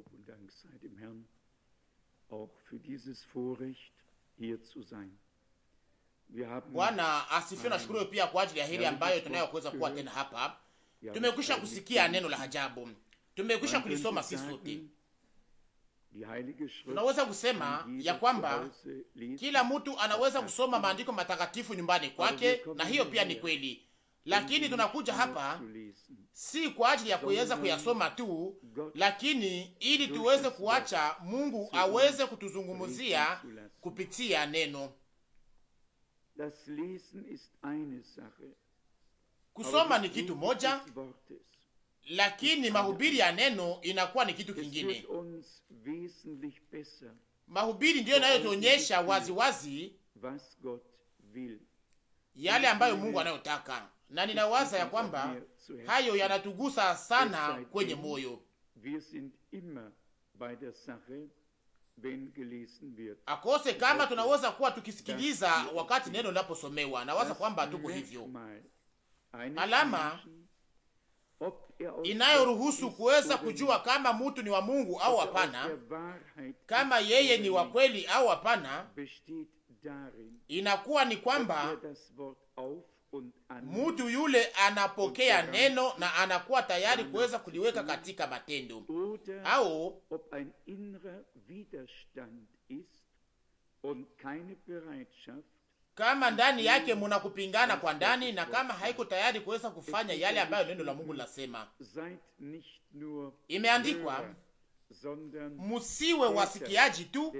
Lob und Dank sei dem Herrn auch für dieses Vorrecht hier zu sein. Bwana asifiwe na shukuru pia kwa ajili ya hili ambayo tunayokuweza kuwa tena hapa. Tumekwisha kusikia neno la ajabu, tumekwisha kulisoma sisi sote. Tunaweza kusema ya kwamba kila mtu anaweza kusoma maandiko matakatifu nyumbani kwake, na hiyo pia ni kweli lakini tunakuja hapa si kwa ajili ya kuweza kuyasoma tu, lakini ili tuweze kuacha Mungu aweze kutuzungumzia kupitia neno. Kusoma ni kitu moja, lakini mahubiri ya neno inakuwa ni kitu kingine. Mahubiri ndiyo inayotuonyesha waziwazi yale ambayo Mungu anayotaka na ninawaza ya kwamba hayo yanatugusa sana kwenye moyo. Akose kama tunaweza kuwa tukisikiliza wakati neno linaposomewa, nawaza kwamba tuko hivyo, alama er inayoruhusu kuweza kujua kama mtu ni wa Mungu au hapana, kama yeye ni wa kweli au hapana, inakuwa ni kwamba er mtu yule anapokea neno na anakuwa tayari kuweza kuliweka katika matendo, au kama ndani yake muna kupingana kwa ndani, na kama haiko tayari kuweza kufanya yale ambayo neno la Mungu linasema. Imeandikwa, musiwe wasikiaji tu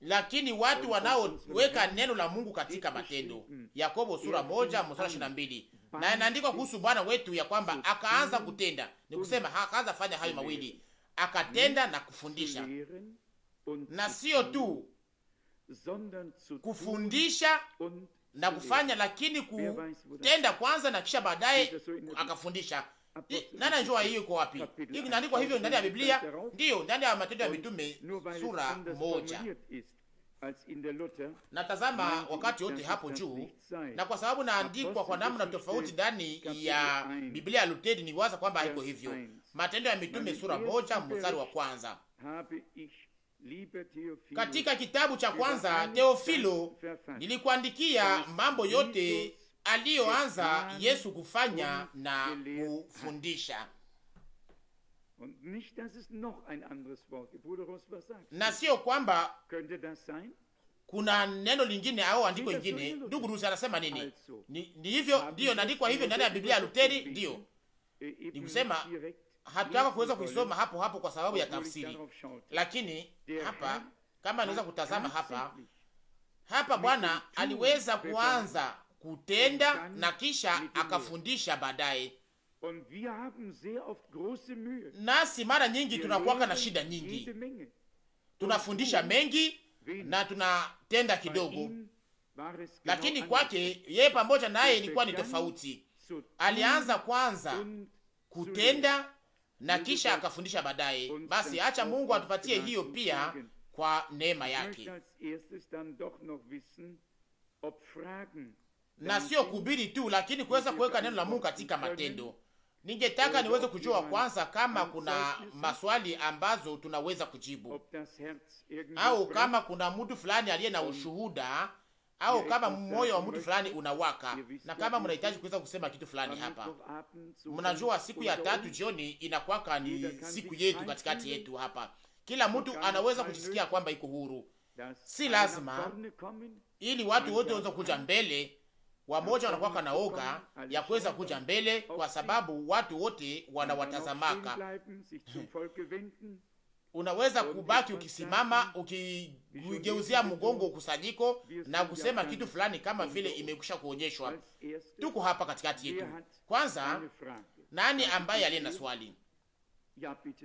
lakini watu wanaoweka neno la Mungu katika matendo. Yakobo sura moja mstari ishirini na mbili na inaandikwa kuhusu Bwana wetu ya kwamba akaanza mm. kutenda, ni kusema akaanza fanya hayo mawili, akatenda na kufundisha, na sio tu kufundisha na kufanya, lakini kutenda kwanza na kisha baadaye akafundisha. Nani anajua hiyo iko wapi? Hiyo inaandikwa hivyo ndani ya Biblia, ndiyo ndani ya Matendo ya Mitume sura moja. Natazama wakati wote hapo juu, na kwa sababu naandikwa kwa namna tofauti ndani ya Biblia ya Lutheri, ni waza kwamba haiko hivyo. Matendo ya Mitume sura moja mstari wa kwanza katika kitabu cha kwanza Teofilo, nilikuandikia mambo yote aliyoanza Yesu kufanya na kufundisha na sio kwamba kuna neno lingine au andiko lingine. Ndugu Rusi anasema nini? Ni, hivyo ndiyo naandikwa hivyo ndani ya Biblia ya Luteri. Ndiyo e, e, nikusema hatutaka kuweza kuisoma hapo hapo kwa sababu ya tafsiri, lakini hapa kama naweza kutazama hapa hapa, Bwana aliweza kuanza kutenda na kisha akafundisha baadaye. Nasi mara nyingi tunakuwaka na shida nyingi, tunafundisha mengi na tunatenda kidogo, lakini kwake yeye pamoja naye ilikuwa ni tofauti. Alianza kwanza kutenda na kisha akafundisha baadaye. Basi acha Mungu atupatie hiyo pia kwa neema yake na sio kuhubiri tu, lakini kuweza kuweka neno la Mungu katika matendo. Ningetaka niweze kujua kwanza kama kuna maswali ambazo tunaweza kujibu au kama kuna mtu fulani aliye na ushuhuda au kama moyo wa uh, mtu fulani unawaka na kama mnahitaji kuweza kusema kitu fulani hapa. Mnajua siku ya tatu jioni inakwaka ni siku yetu katikati yetu hapa, kila mtu anaweza kujisikia kwamba iko huru, si lazima ili watu wote waweze kuja mbele wamoja wanakuwa kanaoga ya kuweza kuja mbele, kwa sababu watu wote wanawatazamaka. Unaweza kubaki ukisimama ukigeuzia mgongo ukusanyiko na kusema kitu fulani kama vile imekwisha kuonyeshwa. Tuko hapa katikati yetu. Kwanza, nani ambaye aliye na swali?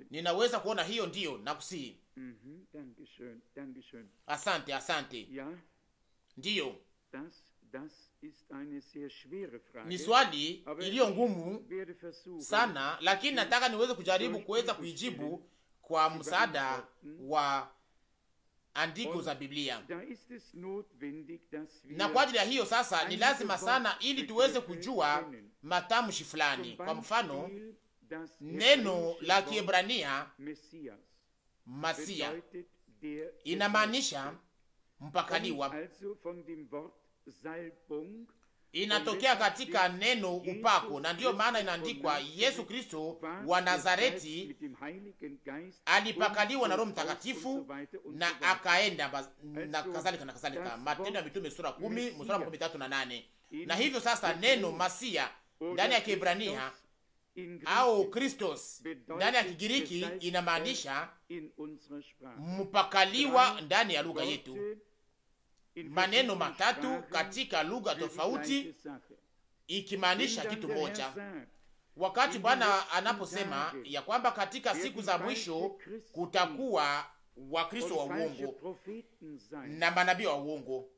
Ninaweza kuona hiyo ndiyo nakusihi. Mhm, asante, asante. Ndiyo ni swali iliyo ngumu sana, lakini nataka niweze kujaribu kuweza kuijibu kwa msaada wa andiko za Biblia. Na kwa ajili ya hiyo sasa, ni lazima sana, ili tuweze kujua matamshi fulani. Kwa mfano, neno la Kiebrania Masia inamaanisha mpakaliwa inatokea katika neno upako, na ndiyo maana inaandikwa Yesu Kristo wa Nazareti alipakaliwa na Roho Mtakatifu na akaenda na kadhalika na kadhalika, Matendo ya Mitume sura kumi mstari makumi tatu na nane. Na hivyo sasa neno masia ndani ya Kiebrania au Kristos ndani ya Kigiriki inamaanisha mpakaliwa ndani ya lugha yetu maneno matatu katika lugha tofauti ikimaanisha kitu moja. Wakati Bwana anaposema ya kwamba katika siku za mwisho kutakuwa Wakristo wa uongo na manabii wa uongo,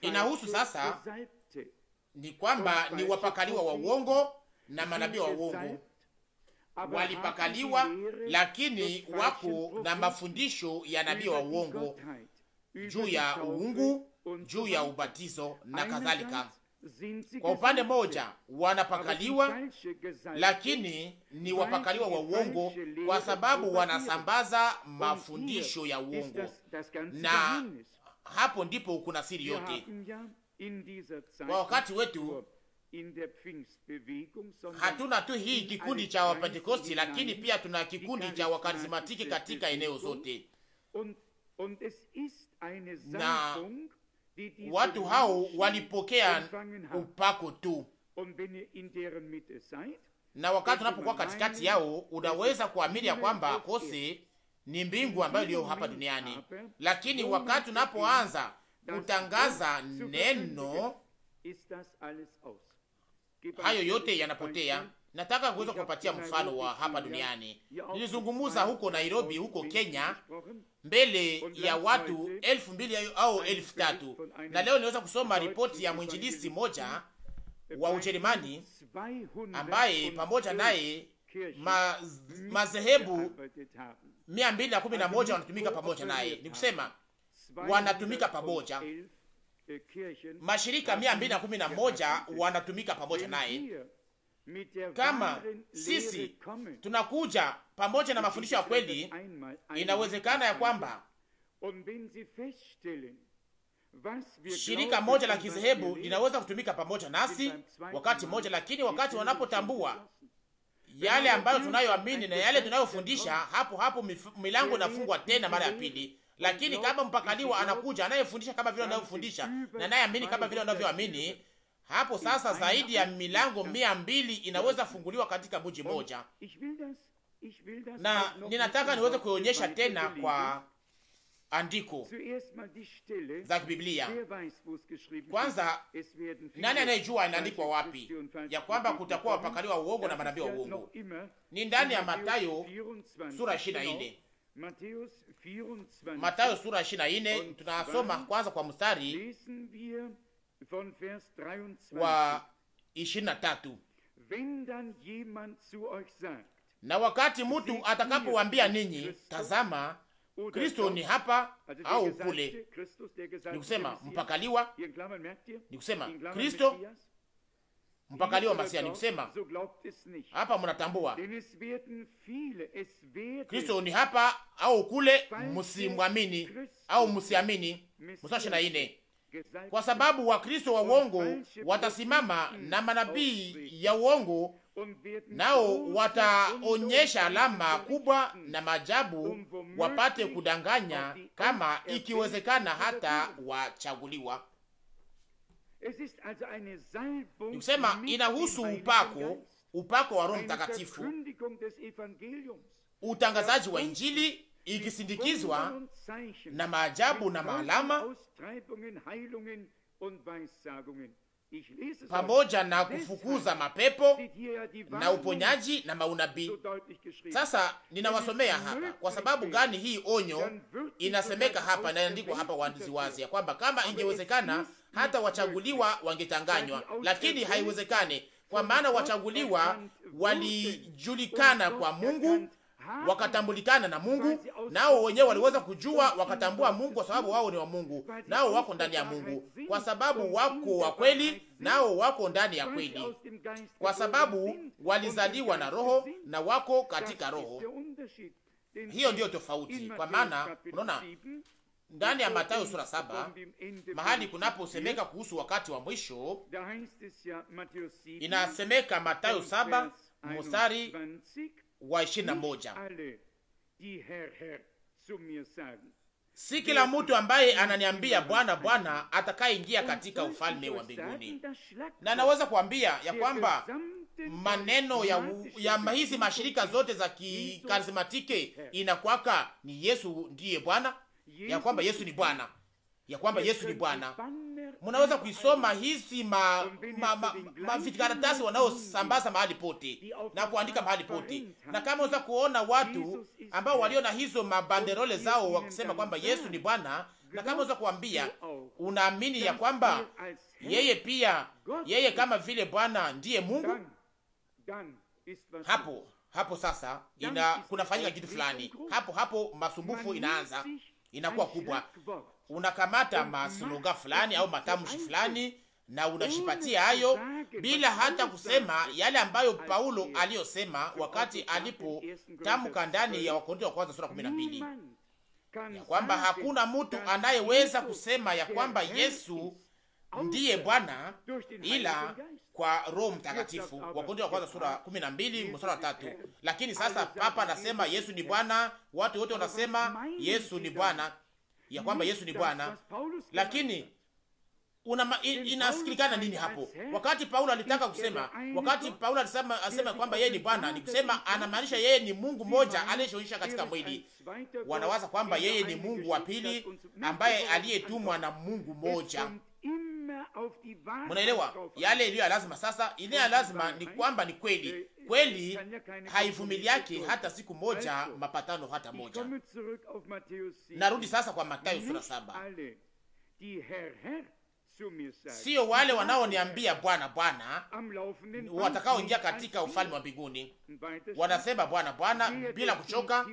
inahusu sasa ni kwamba ni wapakaliwa wa uongo na manabii wa uongo walipakaliwa, lakini wako na mafundisho ya nabii wa uongo juu ya uungu, juu ya ubatizo na kadhalika. Kwa upande mmoja wanapakaliwa, lakini ni wapakaliwa wa uongo, kwa sababu wanasambaza mafundisho ya uongo, na hapo ndipo kuna siri yote kwa wakati wetu Hatuna tu hii kikundi cha Wapentekosti, lakini pia tuna kikundi cha Wakarismatiki katika eneo zote, na watu hao walipokea upako tu na wakati unapokuwa katikati yao unaweza kuamini ya kwamba kose ni mbingu ambayo iliyo hapa duniani, lakini wakati unapoanza kutangaza neno hayo yote yanapotea. Nataka kuweza kupatia mfano wa hapa duniani. Nilizungumuza huko Nairobi, huko Kenya, mbele ya watu elfu mbili au elfu tatu na leo niweza kusoma ripoti ya mwinjilisti moja wa Ujerumani ambaye pamoja naye ma, 211 mia mbili na kumi na moja wanatumika pamoja naye, ni kusema wanatumika pamoja mashirika mia mbili na kumi na moja wanatumika pamoja naye. Kama sisi tunakuja pamoja na mafundisho ya kweli, inawezekana ya kwamba shirika moja la kizehebu linaweza kutumika pamoja nasi wakati mmoja, lakini wakati wanapotambua yale ambayo tunayoamini na yale tunayofundisha, hapo hapo milango inafungwa tena mara ya pili lakini kama mpakaliwa anakuja anayefundisha kama vile anavyofundisha na anayeamini kama vile anavyoamini, hapo sasa zaidi ya milango mia mbili inaweza funguliwa katika mji mmoja. Na ninataka niweze kuonyesha tena kwa andiko za Biblia. Kwanza, nani anayejua inaandikwa wapi ya kwamba kutakuwa wapakali wa uongo na manabii wa uongo? Ni ndani ya matayo sura nne matayo sura 24 tunasoma kwanza kwa mstari wa 23. Na wakati mtu atakapowambia ninyi, tazama Kristo ni hapa au kule, nikusema mpakaliwa, nikusema Kristo mpaka leo masia ni kusema hapa, mnatambua Kristo ni hapa au kule, msimwamini au msiamini. Mstari na ine, kwa sababu Wakristo wa uongo watasimama na manabii ya uongo, nao wataonyesha alama kubwa na maajabu, wapate kudanganya, kama ikiwezekana, hata wachaguliwa ni kusema inahusu upako, upako wa Roho Mtakatifu, utangazaji wa Injili ikisindikizwa na maajabu na maalama pamoja na kufukuza mapepo na uponyaji na maunabii. Sasa ninawasomea hapa. Kwa sababu gani hii onyo inasemeka hapa na inaandikwa hapa waandizi wazi ya kwamba kama ingewezekana hata wachaguliwa wangetanganywa, lakini haiwezekani, kwa maana wachaguliwa walijulikana kwa Mungu wakatambulikana na Mungu, nao wenyewe waliweza kujua, wakatambua Mungu kwa sababu wao ni wa Mungu, nao wako ndani ya Mungu, kwa sababu wako wa kweli, nao wako ndani ya kweli, kwa sababu walizaliwa na Roho na wako katika Roho. Hiyo ndiyo tofauti, kwa maana unaona ndani ya Mathayo sura saba mahali kunaposemeka kuhusu wakati wa mwisho, inasemeka Mathayo saba mstari wa ishirini na moja. Si kila mtu ambaye ananiambia Bwana, Bwana atakayeingia katika ufalme wa mbinguni. Na naweza kuambia ya kwamba maneno ya, ya hizi mashirika zote za kikarismatike inakwaka ni Yesu ndiye Bwana, ya kwamba Yesu ni Bwana, ya kwamba Yesu ni Bwana munaweza kuisoma hizi ma mavikaratasi ma, ma, wanaosambaza mahali pote na kuandika mahali pote, na kama unaweza kuona watu ambao walio na hizo mabanderole zao wakisema kwamba Yesu ni Bwana, na kama unaweza kuambia unaamini ya kwamba yeye pia yeye kama vile Bwana ndiye Mungu, hapo hapo sasa ina kunafanyika kitu fulani hapo hapo, masumbufu inaanza inakuwa kubwa unakamata masloga fulani au matamshi fulani na unashipatia hayo bila hata kusema yale ambayo Paulo aliyosema wakati alipotamka ndani ya Wakorintho wa kwanza sura 12 ya kwamba hakuna mtu anayeweza kusema ya kwamba Yesu ndiye Bwana ila kwa Roho Mtakatifu. Wakorintho wa kwanza sura 12 mstari wa 3. Lakini sasa Papa anasema Yesu ni Bwana, watu wote wanasema Yesu ni Bwana ya kwamba Yesu ni Bwana, lakini una inasikilikana nini hapo? Wakati Paulo alitaka kusema, wakati Paulo alisema asema kwamba yeye ni Bwana, ni kusema anamaanisha yeye ni Mungu mmoja aliyeshonyesha katika mwili. Wanawaza kwamba yeye ni Mungu wa pili ambaye aliyetumwa na Mungu mmoja Munaelewa yale iliyo ya lazima sasa. Ile ya lazima ni kwamba ni kweli eh, kweli, eh, haivumili yake hata siku moja, eh, mapatano hata moja. Narudi sasa kwa Mathayo sura saba. Sio wale wanaoniambia Bwana Bwana watakaoingia katika ufalme wa mbinguni, wanasema Bwana Bwana bila kuchoka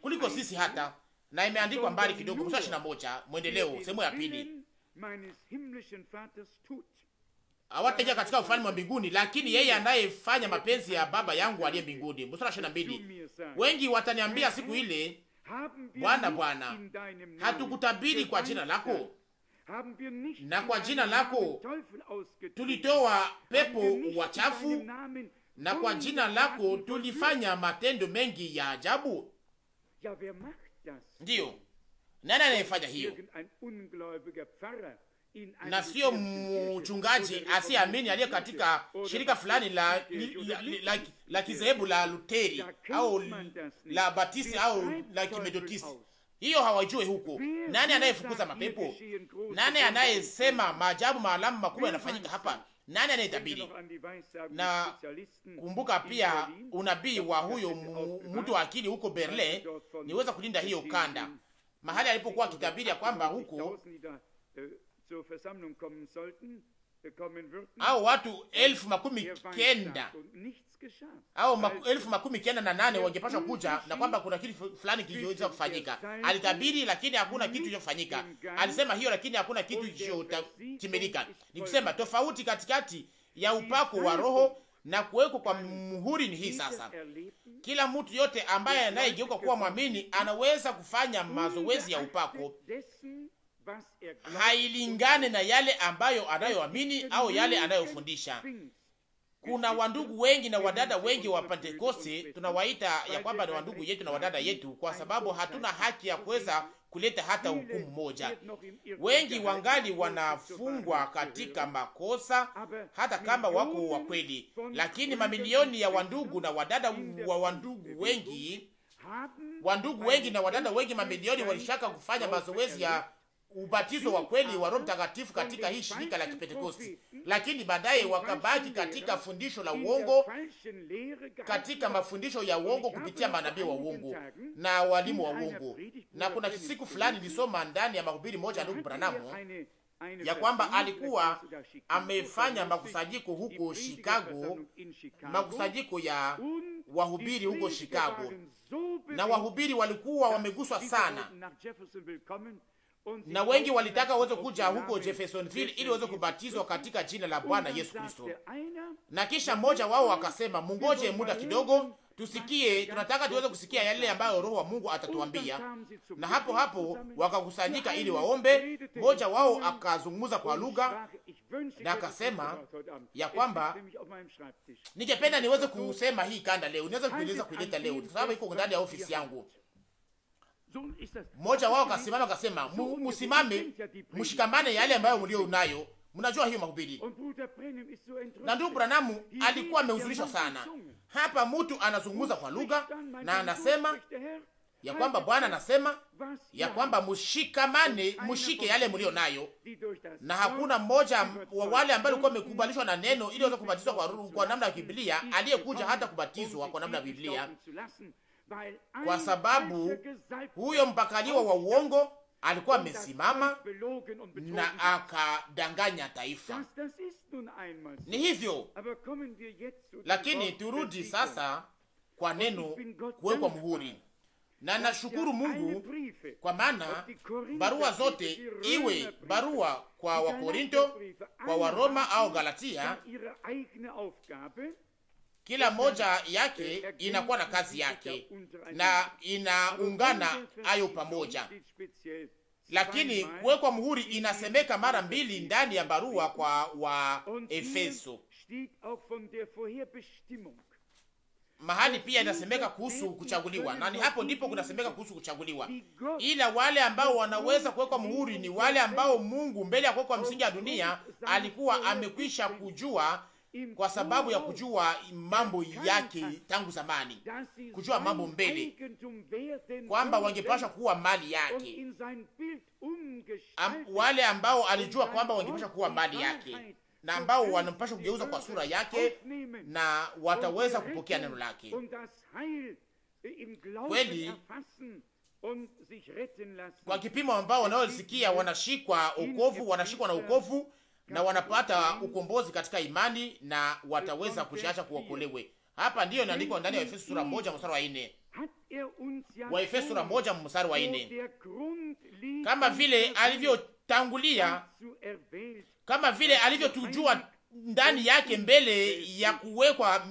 kuliko sisi hata. Na imeandikwa mbali kidogo, mstari wa ishirini na moja mwendeleo, sehemu ya pili hawataingia katika ufalme wa mbinguni, lakini yeye anayefanya mapenzi ya Baba yangu aliye mbinguni. Mstari ishirini na mbili, wengi wataniambia siku ile, Bwana Bwana, hatukutabiri kwa jina lako na kwa jina lako tulitoa pepo wachafu na kwa jina lako tulifanya matendo mengi ya ajabu? Ndiyo, nani anayefanya hiyo? Na sio mchungaji asiamini aliye katika shirika fulani la la, la, la kizehebu la Luteri au la Batisti au la kimedotisi Hiyo hawajue huko. Nani anayefukuza mapepo? Nani anayesema maajabu maalamu makubwa yanafanyika hapa? Nani anayetabiri? Na kumbuka pia unabii wa huyo mtu wa akili huko Berlin, niweza kulinda hiyo kanda mahali alipokuwa akitabiri ya kwamba huku äh, au watu elfu makumi kenda au elfu makumi kenda na nane wangepashwa kuja na kwamba kuna kitu fulani kilichoweza kufanyika. Alitabiri, lakini hakuna kitu kilichofanyika. Alisema hiyo, lakini hakuna kitu kilichotimilika. Ni kusema tofauti katikati ya upako wa Roho na kuwekwa kwa muhuri ni hii sasa. Kila mtu yote ambaye anayegeuka kuwa mwamini anaweza kufanya mazoezi ya upako, hailingane na yale ambayo anayoamini au yale anayofundisha. Kuna wandugu wengi na wadada wengi wa Pentekoste, tunawaita ya kwamba ni wandugu yetu na wadada yetu, kwa sababu hatuna haki ya kuweza kuleta hata hukumu moja. Wengi wangali wanafungwa katika makosa, hata kama wako wa kweli, lakini mamilioni ya wandugu na wadada wa wandugu wengi wandugu wengi na wadada wengi mamilioni walishaka kufanya mazoezi ya ubatizo wa kweli wa Roho Mtakatifu katika hii shirika la Kipentekosti, lakini baadaye wakabaki katika fundisho la uongo, katika mafundisho ya uongo kupitia manabii wa uongo na walimu wa uongo. Na kuna siku fulani nilisoma ndani ya mahubiri moja ya ndugu Branamu ya kwamba alikuwa amefanya makusanyiko huko Chicago, makusanyiko ya wahubiri huko Chicago, na wahubiri walikuwa wameguswa sana na wengi walitaka uweze kuja huko Jeffersonville ili waweze kubatizwa katika jina la Bwana Yesu Kristo. Na kisha mmoja wao akasema, mungoje muda kidogo, tusikie, tunataka tuweze kusikia yale ambayo Roho wa Mungu atatuambia. Na hapo hapo wakakusanyika ili waombe. Mmoja wao akazungumza kwa lugha na akasema ya kwamba ningependa niweze kusema hii kanda leo, niweze kuileza kuileta leo, sababu iko ndani ya ofisi yangu mmoja wao kasimama akasema, musimame, mshikamane yale ambayo mlio nayo. Mnajua hiyo mahubiri. Na ndugu Branham alikuwa amehuzunishwa sana. Hapa mtu anazungumza kwa lugha na anasema ya kwamba Bwana anasema ya kwamba mshikamane, mshike yale mlio nayo, na hakuna mmoja wa wale ambao walikuwa wamekubalishwa na neno ili waweze kubatizwa kwa, kwa namna ya Biblia aliyekuja hata kubatizwa kwa namna ya Biblia kwa sababu huyo mpakaliwa wa uongo alikuwa amesimama na akadanganya taifa. Ni hivyo, lakini turudi sasa kwa neno kuwekwa muhuri, na nashukuru Mungu kwa maana barua zote, iwe barua kwa Wakorinto, kwa Waroma au Galatia, kila moja yake inakuwa na kazi yake na inaungana hayo pamoja, lakini kuwekwa muhuri inasemeka mara mbili ndani ya barua kwa wa Efeso mahali pia inasemeka kuhusu kuchaguliwa, na ni hapo ndipo kunasemeka kuhusu kuchaguliwa. Ila wale ambao wanaweza kuwekwa muhuri ni wale ambao Mungu mbele ya kuwekwa msingi ya dunia alikuwa amekwisha kujua kwa sababu ya kujua mambo yake tangu zamani, kujua mambo mbele, kwamba wangepasha kuwa mali yake. Am, wale ambao alijua kwamba wangepasha kuwa mali yake na ambao wanampasha kugeuza kwa sura yake na wataweza kupokea neno lake kweli kwa kipimo ambao wanaosikia wanashikwa okovu, wanashikwa na okovu na wanapata ukombozi katika imani na wataweza kushasha kuokolewe. Hapa ndiyo inaandikwa ndani ya Efeso sura moja mstari wa nne wa Efeso sura moja mstari wa nne kama vile alivyotangulia, kama vile alivyotujua ndani yake mbele ya kuwekwa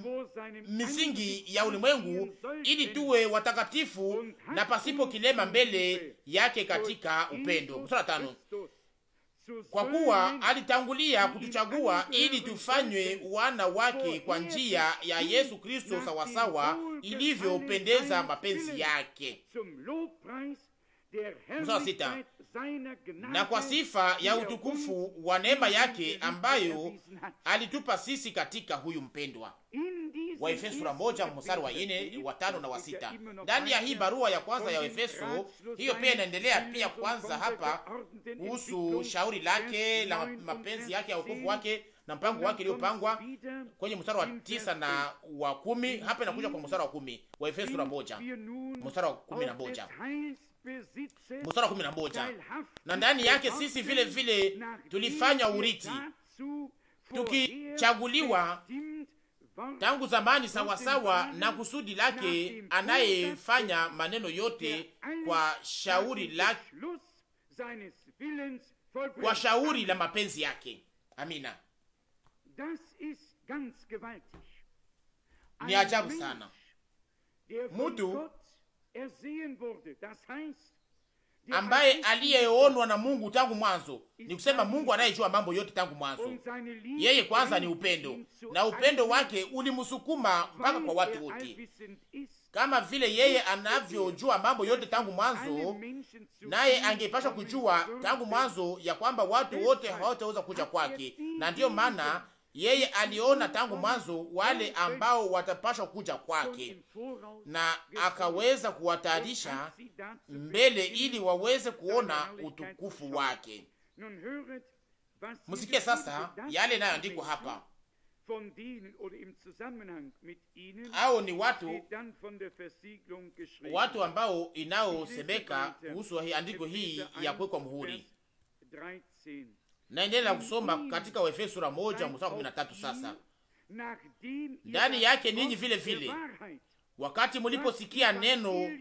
misingi ya ulimwengu, ili tuwe watakatifu na pasipo kilema mbele yake katika upendo. Mstari tano kwa kuwa alitangulia kutuchagua ili tufanywe wana wake kwa njia ya Yesu Kristo, sawasawa ilivyopendeza mapenzi yake. Sita. Na kwa sifa ya utukufu wa neema yake ambayo alitupa sisi katika huyu mpendwa wa Efeso sura moja mstari wa ine wa tano na wa sita. Ndani ya hii barua ya kwanza ya Efeso hiyo pia inaendelea pia kwanza hapa kuhusu shauri lake la mapenzi yake ya wokovu wake na mpango wake iliyopangwa kwenye mstari wa tisa na wa kumi. Hapa inakuja kwa mstari wa kumi wa Efeso sura moja mstari wa kumi na moja mstari wa kumi na moja na ndani yake sisi vile vile tulifanya urithi tukichaguliwa tangu zamani sawasawa na kusudi lake, anayefanya maneno yote kwa shauri la kwa shauri la mapenzi yake. Amina. Ni ajabu sana mtu ambaye aliyeonwa na Mungu tangu mwanzo. Ni kusema Mungu anayejua mambo yote tangu mwanzo. Yeye kwanza ni upendo, na upendo wake ulimsukuma mpaka kwa watu wote. Kama vile yeye anavyojua mambo yote tangu mwanzo, naye angepasha kujua tangu mwanzo ya kwamba watu wote hawataweza kuja kwake, na ndiyo maana yeye aliona tangu mwanzo wale ambao watapashwa kuja kwake, na akaweza kuwatayarisha mbele ili waweze kuona utukufu wake. Msikie sasa yale inayoandikwa hapa au ni watu watu ambao inayosemeka kuhusu andiko hii ya kuwekwa muhuri Naendelea na kusoma katika Waefeso sura moja mstari kumi na tatu. Sasa ndani yake ninyi vile vile, wakati mliposikia neno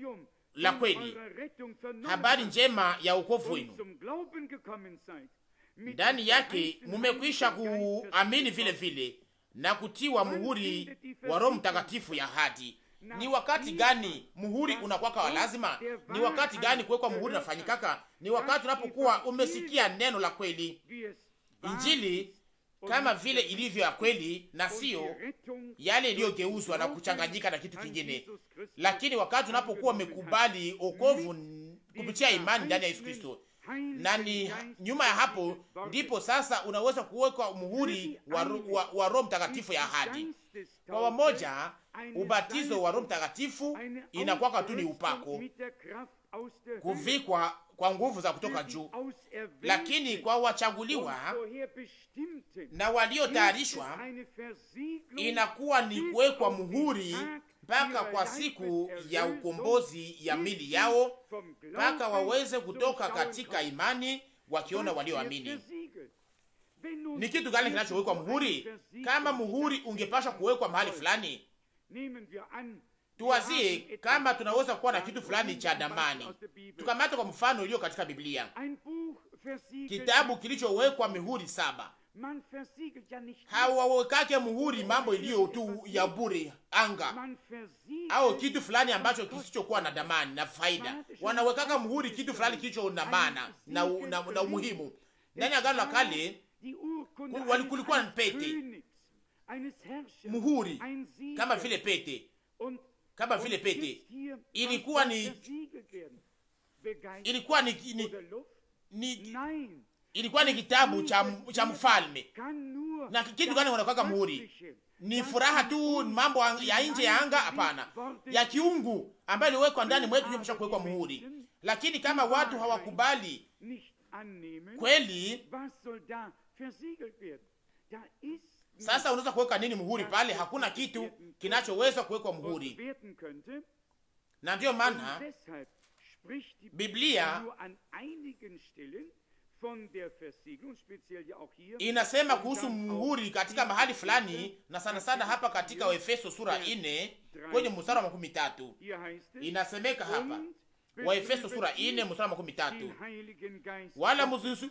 la kweli, habari njema ya wokovu wenu, ndani yake mumekwisha kuamini vile vile na kutiwa muhuri wa Roho Mtakatifu ya hadi ni wakati gani muhuri unakwaka wa lazima? Ni wakati gani kuwekwa muhuri nafanyikaka? Ni wakati unapokuwa umesikia neno la kweli, Injili kama vile ilivyo ya kweli na sio yale iliyogeuzwa na kuchanganyika na kitu kingine. Lakini wakati unapokuwa umekubali okovu kupitia imani ndani ya Yesu Kristo, na ni nyuma ya hapo ndipo sasa unaweza kuwekwa muhuri wa, wa, wa Roho Mtakatifu ya ahadi. Kwa wamoja ubatizo wa Roho Mtakatifu inakuwa tu ni upako, kuvikwa kwa nguvu za kutoka juu, lakini kwa wachaguliwa na waliotayarishwa inakuwa ni kuwekwa muhuri mpaka kwa siku ya ukombozi ya mili yao, mpaka waweze kutoka katika imani wakiona walioamini. Ni kitu gani kinachowekwa muhuri? Kama muhuri ungepashwa kuwekwa mahali fulani Tuwazie kama tunaweza kuwa na kitu fulani cha damani. tukamata kwa mfano ulio katika Biblia, kitabu kilichowekwa mihuri saba. Hawawekake muhuri mambo iliyo tu ya bure anga au kitu fulani ambacho kisichokuwa na damani na faida. Wanawekaka muhuri kitu fulani kilicho na maana na, na, na umuhimu. Ndani ya Agano la Kale kulikuwa pete muhuri kama vile pete, kama vile pete. Ilikuwa ni ilikuwa ni, ni, ni ilikuwa ni kitabu cha, cha mfalme na kitu gani wanakwaka muhuri ni furaha tu, mambo ya nje ya anga? Hapana, ya kiungu ambayo iliwekwa ndani mwetu imesha kuwekwa muhuri. Lakini kama watu hawakubali kweli sasa unaweza kuweka nini muhuri pale? Hakuna kitu kinachoweza kuwekwa muhuri, na ndiyo maana Biblia inasema kuhusu muhuri katika mahali fulani, na sana sana hapa katika Waefeso sura 4 kwenye mstari wa makumi tatu inasemeka hapa wa Efeso sura ine mstari makumi tatu. Wala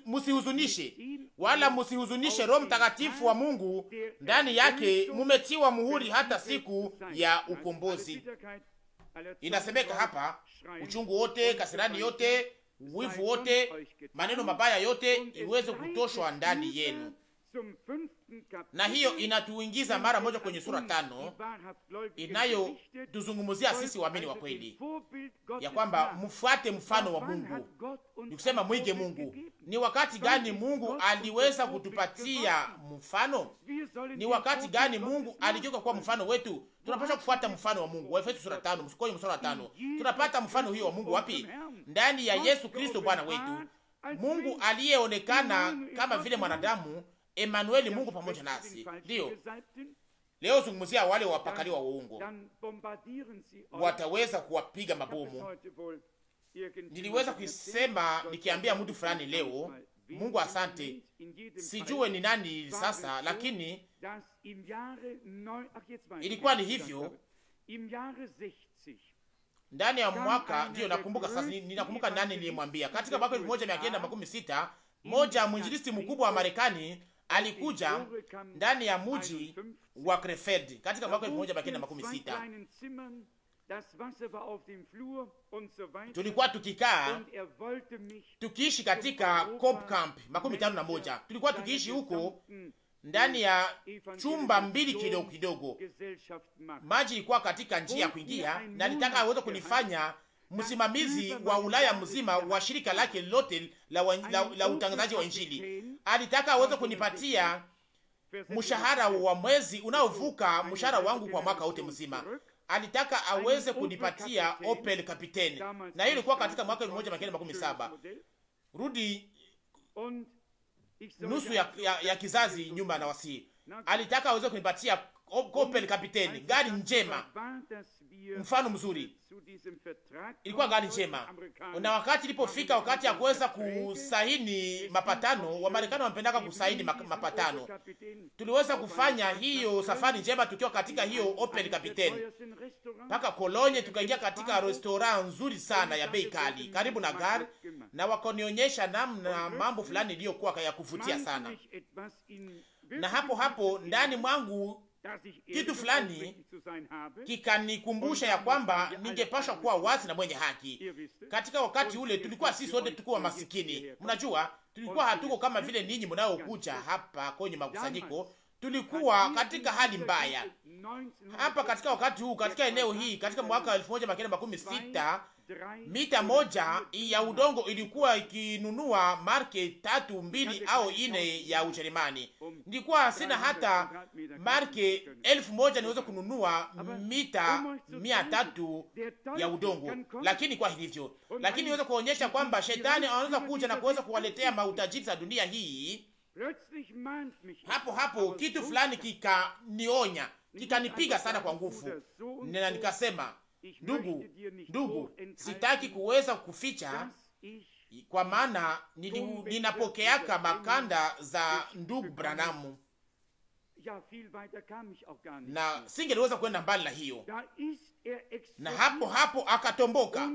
musihuzunishe wala musihuzunishe Roho Mtakatifu wa Mungu, ndani yake mumetiwa muhuri hata siku ya ukombozi. Inasemeka hapa uchungu wote, kasirani yote, wivu wote, maneno mabaya yote iweze kutoshwa ndani yenu na hiyo inatuingiza mara moja kwenye sura tano inayotuzungumzia sisi waamini wa kweli, ya kwamba mfuate mfano wa Mungu, ni kusema mwige Mungu. Ni wakati gani Mungu aliweza kutupatia mfano? Ni wakati gani Mungu aligeuka kuwa mfano wetu? Tunapaswa kufuata mfano wa Mungu. Waefeso sura tano msukoni msura tano tunapata mfano hiyo wa Mungu wapi? Ndani ya Yesu Kristo Bwana wetu, Mungu aliyeonekana kama vile mwanadamu Emanueli, Mungu pamoja nasi. Ndiyo leo zungumzia wale wapakaliwa uongo, wataweza kuwapiga mabomu. Niliweza kuisema nikiambia mtu fulani leo. Mungu asante, sijue ni nani sasa, lakini ilikuwa ni hivyo ndani ya mwaka ndiyo, nakumbuka sasa, ninakumbuka nani niliyemwambia katika mwaka elfu moja mia kenda makumi sita moja mwinjilisti mkubwa wa Marekani alikuja ndani ya muji wa Krefeld katika mwaka elfu moja makenda makumi sita. Tulikuwa tukikaa er tukiishi katika cop Camp makumi tano na moja. Tulikuwa tukiishi huko ndani ya chumba mbili kidogo kidogo, maji ilikuwa katika njia ya kuingia, na nitaka aweze kunifanya msimamizi wa Ulaya mzima wa shirika lake lote la, la, la, la utangazaji wa Injili. Alitaka aweze kunipatia mshahara wa mwezi unaovuka mshahara wangu kwa mwaka wote mzima. Alitaka aweze kunipatia Opel Kapiteni, na hiyo ilikuwa katika mwaka saba rudi nusu ya, ya, ya kizazi nyuma na wasii. Alitaka aweze kunipatia Opel kapiteni, gari njema, mfano mzuri, ilikuwa gari njema. Na wakati ilipofika wakati ya kuweza kusaini mapatano, Wamarekani wanapendaka kusaini mapatano, tuliweza kufanya hiyo safari njema tukiwa katika hiyo Opel kapiteni mpaka Kolonye, tukaingia katika restaurant nzuri sana ya bei kali karibu na gari, na wakanionyesha namna mambo fulani iliyokuwa ya kuvutia sana, na hapo hapo ndani mwangu kitu fulani kikanikumbusha ya kwamba ningepashwa kuwa wazi na mwenye haki. Katika wakati ule tulikuwa sisi wote tukuwa masikini, mnajua, tulikuwa hatuko kama vile ninyi mnaokuja hapa kwenye makusanyiko. Tulikuwa katika hali mbaya hapa katika wakati huu, katika eneo hii, katika mwaka wa elfu moja makenda makumi sita mita moja ya udongo ilikuwa ikinunua marke tatu mbili au ine ya Ujerumani. Um, Nilikuwa sina hata marke elfu moja niweze kununua mita um, um, mia tatu ya udongo, lakini kwa hivyo, lakini niweze kuonyesha kwamba shetani anaweza kuja na kuweza kuwaletea mautajiri za dunia hii. Hapo hapo kitu fulani kikanionya, kikanipiga sana kwa nguvu, na nikasema Ndugu, ndugu, sitaki kuweza kuficha, kwa maana ninapokeaka makanda za ndugu Branamu na singeliweza kwenda mbali na hiyo, er na hapo hapo akatomboka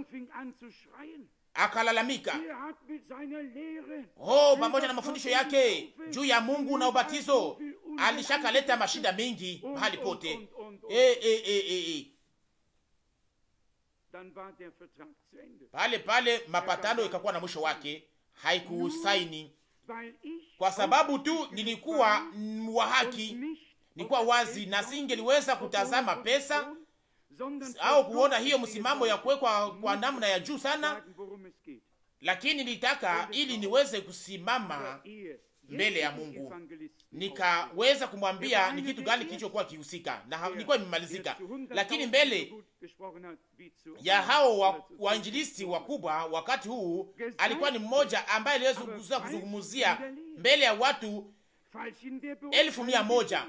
akalalamika er oh, pamoja na mafundisho yake juu ya Mungu na ubatizo, alishakaleta mashida mengi mahali pote. E, e, e, e, e pale pale mapatano ikakuwa na mwisho wake, haikusaini kwa sababu tu nilikuwa wa haki, nilikuwa wazi, na singeliweza kutazama pesa au kuona hiyo msimamo ya kuwekwa kwa namna ya juu sana, lakini nilitaka ili niweze kusimama mbele ya Mungu, nikaweza kumwambia ni kitu gani kilichokuwa kihusika, na nilikuwa imemalizika. Lakini mbele ya hao wainjilisti wa wakubwa wakati huu, alikuwa ni mmoja ambaye aliweza kuzungumzia mbele ya watu elfu mia moja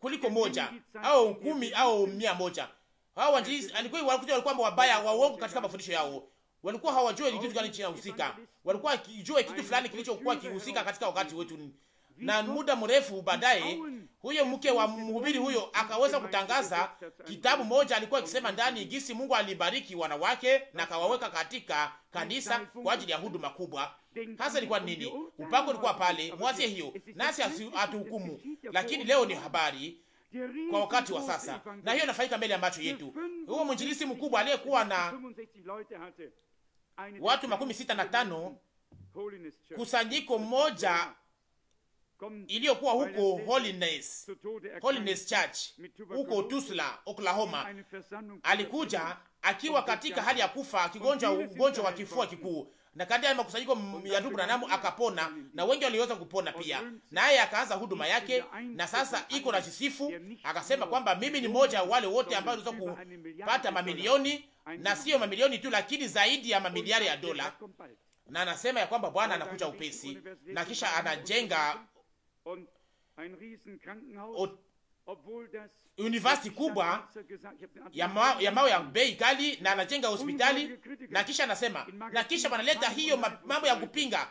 kuliko moja au kumi au mia moja. Hao wainjilisti alikuwa kwamba wabaya waongo katika mafundisho yao walikuwa hawajue ni kitu gani kinahusika, walikuwa wakijue kitu fulani kilichokuwa kihusika katika wakati wetu. Na muda mrefu baadaye, huyo mke wa mhubiri huyo akaweza kutangaza kitabu moja, alikuwa akisema ndani gisi Mungu alibariki wanawake na akawaweka katika kanisa kwa ajili ya huduma kubwa. Hasa ilikuwa nini? Upako ulikuwa pale, mwazie hiyo, nasi hatuhukumu, lakini leo ni habari kwa wakati wa sasa, na hiyo inafanyika mbele ya macho yetu. Huyo mwinjilisi mkubwa aliyekuwa na watu makumi sita na tano kusanyiko moja iliyokuwa huko Holiness, Holiness Church huko Tulsa, Oklahoma. Alikuja akiwa katika hali ya kufa, kigonjwa ugonjwa wa kifua kikuu, na kati ya makusanyiko ya ndugu Branham akapona, na wengi waliweza kupona pia, naye akaanza huduma yake, na sasa iko na jisifu, akasema kwamba mimi ni mmoja wale wote ambao waliweza kupata mamilioni na sio mamilioni tu, lakini zaidi ya mamiliari ya dola, na anasema ya kwamba Bwana anakuja upesi, na kisha anajenga university kubwa ya mawe ya, ma ya bei kali, na anajenga hospitali, na kisha anasema, na kisha wanaleta hiyo mambo ya kupinga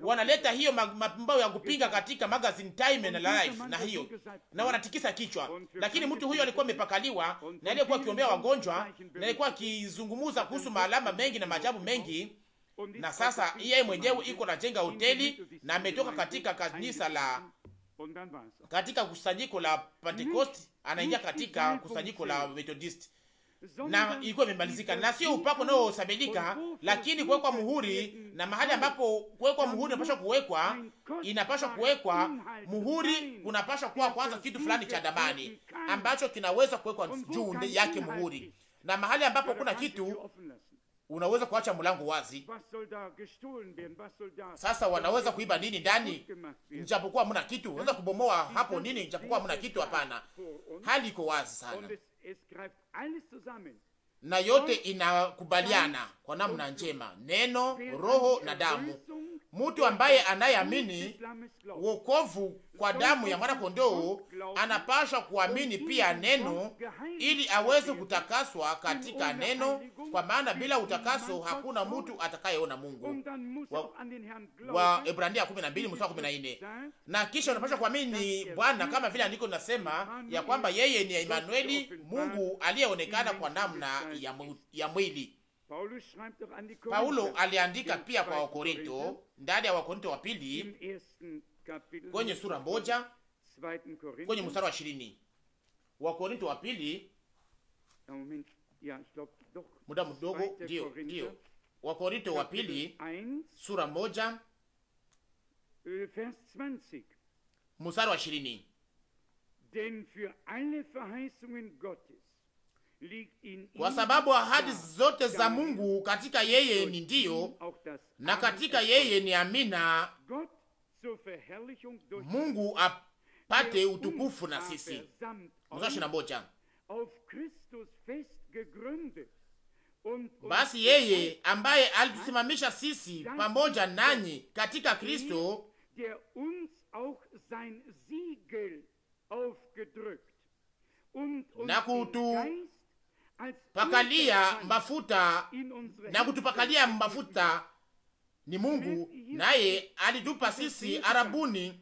wanaleta hiyo mambao ya kupinga katika magazine Time and Life na hiyo na wanatikisa kichwa. Lakini mtu huyo alikuwa amepakaliwa na aliyekuwa akiombea wagonjwa na alikuwa akizungumza kuhusu maalama mengi na maajabu mengi, na sasa yeye mwenyewe iko najenga hoteli na ametoka katika kanisa la katika kusanyiko la Pentecost anaingia katika kusanyiko la Methodist na ilikuwa imemalizika, na sio upako nao unaosabedika, lakini kuwekwa muhuri. Na mahali ambapo kuwekwa muhuri inapaswa kuwekwa, inapaswa kuwekwa muhuri, kunapaswa kuwa kwanza kitu fulani cha damani ambacho kinaweza kuwekwa juu yake muhuri, na mahali ambapo kuna kitu unaweza kuacha mlango wazi. Sasa wanaweza kuiba nini ndani, japokuwa hamna kitu? Unaweza kubomoa hapo nini, japokuwa hamna kitu? Hapana, hali iko wazi sana na yote inakubaliana kwa namna njema, neno, roho na damu mtu ambaye anayeamini wokovu kwa damu ya mwana kondoo anapasha kuamini pia neno, ili aweze kutakaswa katika neno, kwa maana bila utakaso hakuna mtu atakayeona Mungu. Ebrania 12:14. Na kisha unapasha kuamini Bwana kama vile andiko linasema ya kwamba yeye ni Emanueli, Mungu aliyeonekana kwa namna ya mwili. Paulo aliandika pia kwa Wakorinto, ndani ya Wakorinto wa pili kwenye sura moja kwenye mstari wa ishirini. Wakorinto wa pili, muda mdogo, ndio ndio, Wakorinto wa pili sura moja äh, mstari wa ishirini. Denn für alle Verheißungen Gottes kwa sababu ahadi zote za Mungu katika yeye ni ndiyo na katika yeye ni amina, Mungu apate utukufu na sisi. Basi yeye ambaye alitusimamisha sisi pamoja nanyi katika Kristo na kutu pakalia mafuta na kutupakalia mafuta ni Mungu, naye alitupa sisi arabuni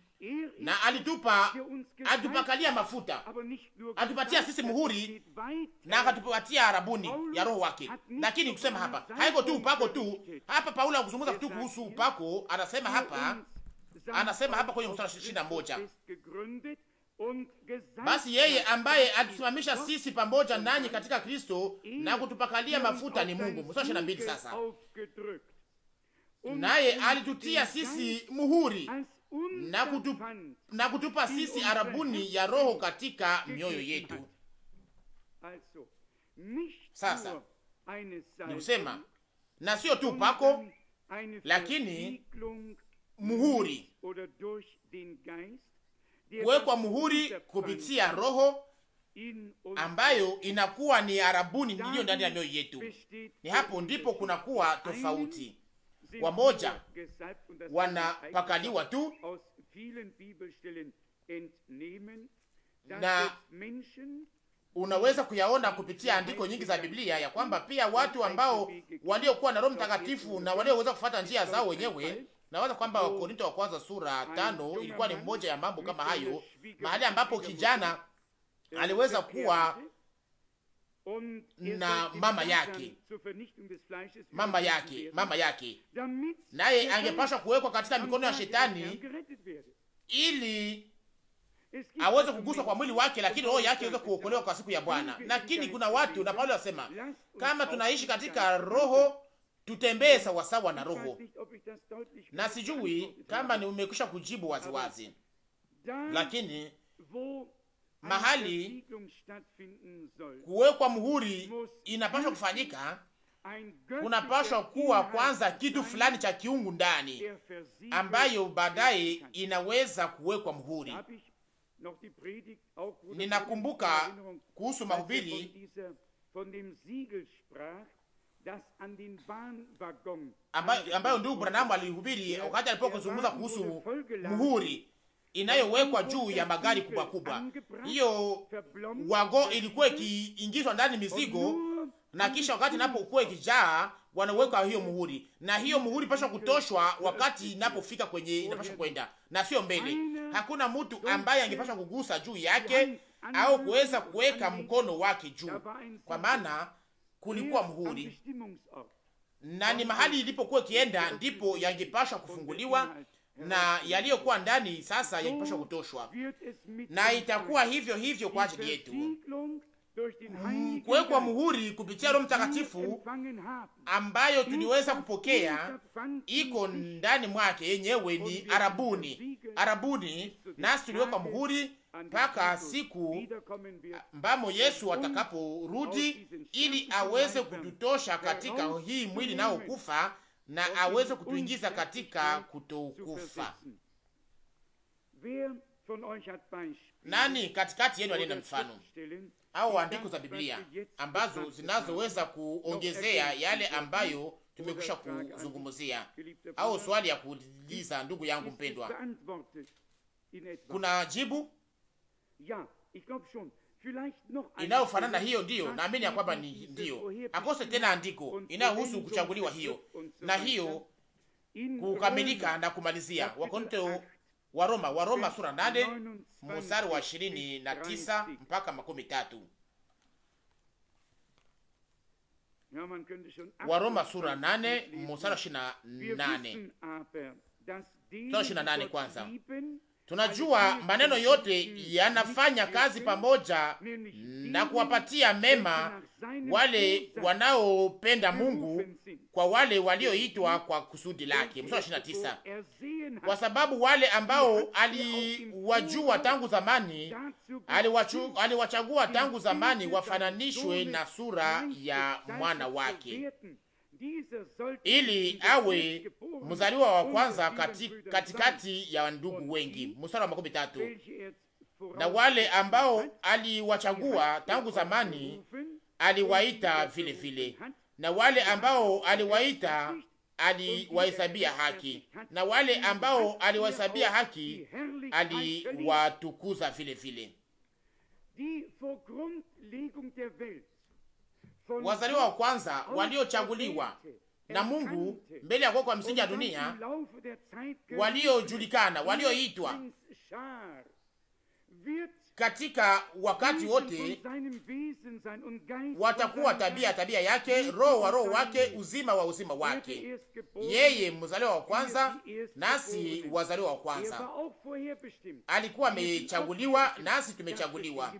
na er alitupa alitupakalia mafuta, alitupatia sisi er muhuri na akatupatia arabuni ya roho wake. Lakini kusema hapa haiko tu upako tu, hapa Paulo akuzungumza tu er kuhusu upako, anasema hapa, anasema hapa kwenye mstari ishirini na moja basi yeye ambaye atusimamisha sisi pamoja nanyi katika Kristo na kutupakalia mafuta ni Mungu. Mstari na mbili sasa, naye alitutia sisi muhuri na, kutup, na kutupa sisi arabuni ya Roho katika mioyo yetu. Sasa ni kusema na sio tu pako, lakini muhuri kuwekwa muhuri kupitia Roho ambayo inakuwa ni arabuni iliyo ndani ya mioyo yetu. Ni hapo ndipo kunakuwa tofauti. Wamoja wanapakaliwa tu na unaweza kuyaona kupitia andiko nyingi za Biblia ya kwamba pia watu ambao waliokuwa na Roho Mtakatifu na walioweza kufuata njia zao wenyewe Nawaza kwamba Wakorinto oh. wa kwanza sura tano ilikuwa ni moja ya mambo kama hayo, mahali ambapo kijana eh, aliweza kuwa um, na er mama yake mama yake mama yake, naye angepashwa kuwekwa katika mikono ya shetani ili aweze kuguswa kwa mwili wake, lakini roho yake iweze kuokolewa kwa siku ya Bwana. Lakini kuna watu na Paulo anasema kama tunaishi katika roho tutembee sawasawa na Roho. Na sijui kama ni umekwisha kujibu waziwazi wazi, lakini mahali kuwekwa muhuri inapaswa kufanyika, kunapaswa kuwa kwanza kitu fulani cha kiungu ndani ambayo baadaye inaweza kuwekwa muhuri. Ninakumbuka kuhusu mahubiri ambayo, ndugu Branham alihubiri wakati alipokuzungumza kuhusu muhuri inayowekwa juu ya magari kubwa kubwa. Hiyo wago ilikuwa ikiingizwa ndani mizigo, na kisha wakati inapokuwa ikijaa wanaweka hiyo muhuri, na hiyo muhuri pasha kutoshwa wakati inapofika kwenye inapasha kwenda na sio mbele. Hakuna mtu ambaye angepasha kugusa juu yake au kuweza kuweka mkono wake juu, kwa maana kulikuwa muhuri, na ni mahali ilipokuwa ikienda ndipo yangepashwa kufunguliwa na yaliyokuwa ndani sasa yangepashwa kutoshwa, na itakuwa hivyo hivyo kwa ajili yetu kuwekwa muhuri kupitia Roho Mtakatifu ambayo tuliweza kupokea, iko ndani mwake yenyewe, ni arabuni arabuni, nasi tuliwekwa muhuri mpaka siku ambamo Yesu atakaporudi, ili aweze kututosha katika hii mwili nao kufa na aweze kutuingiza katika kutokufa. Nani katikati yenu aliye na mfano au andiko za Biblia ambazo zinazoweza kuongezea yale ambayo tumekwisha kuzungumzia, au swali ya kuuliza ndugu yangu mpendwa? Kuna jibu inayofanana hiyo, ndiyo naamini ya kwamba ni ndiyo akose tena andiko inayohusu kuchaguliwa hiyo na hiyo kukamilika na kumalizia. Wakorinto wa Roma wa Roma sura nane mstari wa ishirini na tisa mpaka makumi tatu. Waroma sura nane mstari wa ishirini na nane kwanza Tunajua maneno yote yanafanya kazi pamoja na kuwapatia mema wale wanaopenda Mungu, kwa wale walioitwa kwa kusudi lake. Mstari ishirini na tisa, kwa sababu wale ambao aliwajua tangu zamani, aliwachagua tangu zamani wafananishwe na sura ya mwana wake ili awe mzaliwa wa kwanza kati, katikati ya ndugu wengi. Mstari wa makumi tatu na wale ambao aliwachagua tangu zamani aliwaita vile vile, na wale ambao aliwaita aliwahesabia haki, na wale ambao aliwahesabia haki aliwatukuza vile vile wazaliwa wa kwanza waliochaguliwa na Mungu mbele ya kuwekwa msingi ya dunia, waliojulikana, walioitwa katika wakati wote watakuwa tabia tabia yake, roho wa roho wake, uzima wa uzima er wake. Yeye mzaliwa wa er kwanza, nasi wazaliwa wa kwanza. Er Alikuwa amechaguliwa, nasi tumechaguliwa.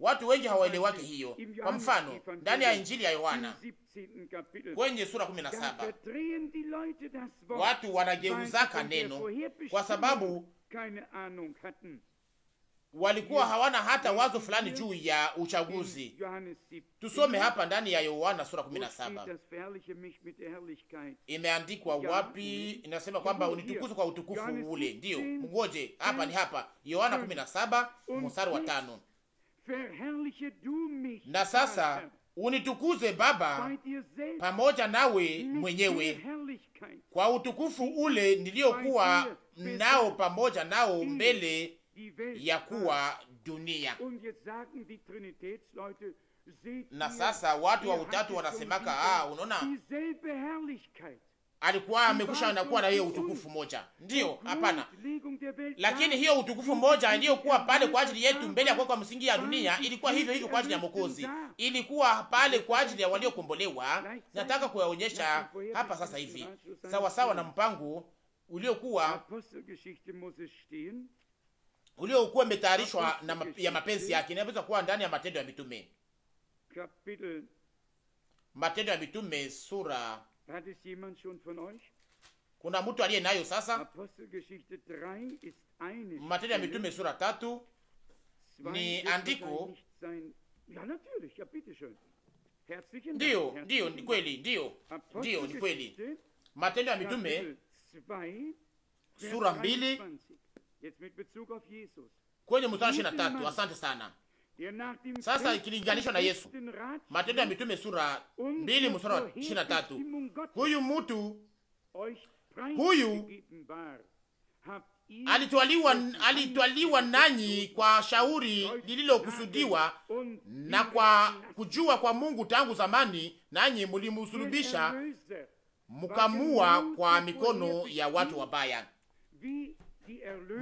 Watu wengi hawaelewake hiyo. Kwa mfano, ndani ya Injili ya Yohana kwenye sura 17 watu wanageuzaka neno kwa sababu walikuwa hawana hata wazo fulani juu ya uchaguzi. Tusome hapa ndani ya Yohana sura 17 imeandikwa wapi? Inasema kwamba unitukuze kwa utukufu ule. Ndiyo, mgoje hapa, ni hapa Yohana 17 mstari wa tano. Na sasa unitukuze Baba pamoja nawe mwenyewe kwa utukufu ule niliyokuwa nao pamoja nao mbele ya kuwa dunia. Na sasa watu wa utatu wanasemaka, ah, unaona alikuwa amekusha na kuwa na hiyo utukufu moja, ndiyo? Hapana, lakini hiyo utukufu moja iliyokuwa pale kwa ajili yetu mbele ya kwa msingi ya dunia ilikuwa hivyo hivyo kwa ajili ya Mwokozi, ilikuwa pale kwa ajili ya waliokombolewa. Nataka kuyaonyesha hapa sasa hivi sawa sawa na mpango uliokuwa uliokuwa umetayarishwa ya mapenzi yake, inaweza kuwa ndani ya Matendo ya Mitume. Matendo ya Mitume sura, kuna mtu aliye nayo sasa? Matendo ya Mitume sura tatu ni andiko ndio ndio ni kweli, ndio ndio ni kweli. Matendo ya Mitume sura mbili kwenye mstari ishirini na tatu. Asante sana. Sasa ikilinganishwa na Yesu, Matendo ya Mitume sura um mbili mstari wa ishirini na tatu, huyu mtu huyu alitwaliwa alitwaliwa nanyi kwa shauri lililokusudiwa na kwa kujua kwa Mungu tangu zamani, nanyi mulimusulubisha mkamua kwa mikono ya watu wabaya.